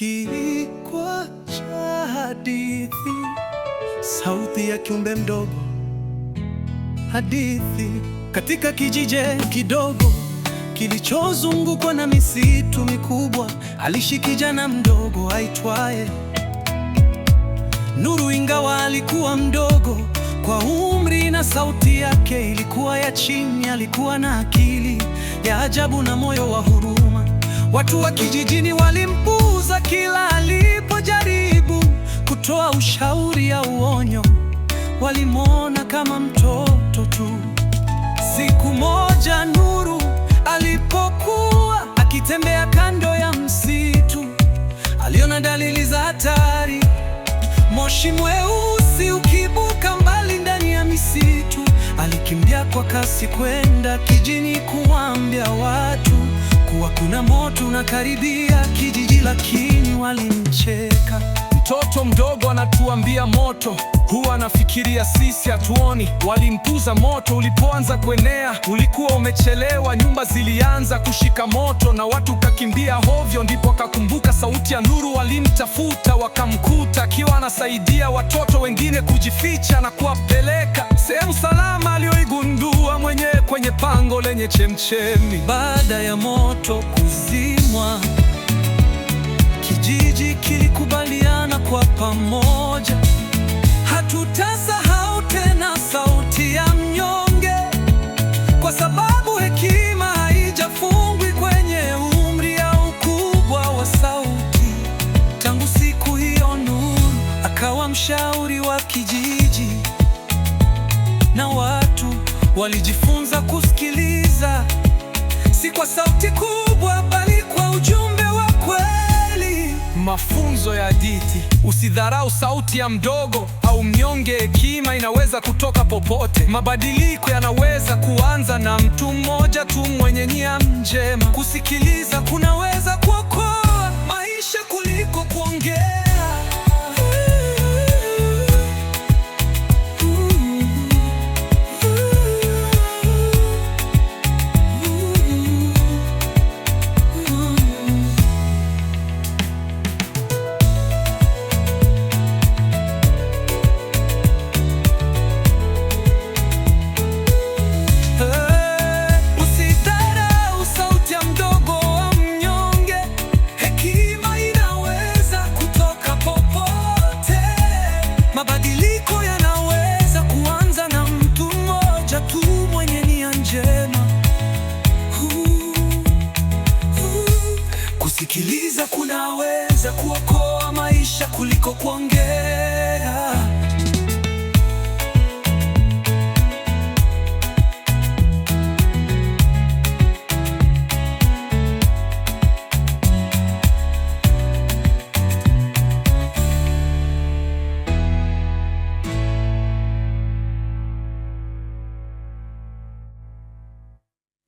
kikwa cha hadithi: sauti ya kiumbe mdogo. Hadithi katika kijiji kidogo kilichozungukwa na misitu mikubwa, alishi kijana mdogo aitwaye Nuru. Ingawa alikuwa mdogo kwa umri na sauti yake ilikuwa ya chini, alikuwa na akili ya ajabu na moyo wa huruma. Watu wa kijijini walimpu kila alipojaribu kutoa ushauri ya uonyo, walimwona kama mtoto tu. Siku moja Nuru alipokuwa akitembea kando ya msitu, aliona dalili za hatari. Moshi mweusi ukibuka mbali ndani ya misitu. Alikimbia kwa kasi kwenda kijini kuambia watu kuna moto unakaribia kijiji, lakini walimcheka. Mtoto mdogo anatuambia moto, huwa anafikiria sisi hatuoni. Walimpuza. Moto ulipoanza kuenea ulikuwa umechelewa, nyumba zilianza kushika moto na watu kakimbia hovyo. Ndipo akakumbuka sauti ya nuru. Walimtafuta wakamkuta akiwa anasaidia watoto wengine kujificha na kuwapeleka sehemu salama aliyoigundua pango lenye chemchemi. Baada ya moto kuzimwa, kijiji kilikubaliana kwa pamoja, hatutasahau tena sauti ya mnyonge, kwa sababu hekima haijafungwi kwenye umri au ukubwa wa sauti. Tangu siku hiyo, Nuru akawa mshauri wa kijiji na wa walijifunza kusikiliza, si kwa sauti kubwa, bali kwa ujumbe wa kweli. Mafunzo ya Aditi: usidharau sauti ya mdogo au mnyonge. Hekima inaweza kutoka popote. Mabadiliko yanaweza kuanza na mtu mmoja tu mwenye nia njema. Kusikiliza kunaweza ku Kujifunza kunaweza kuokoa maisha kuliko kuongea.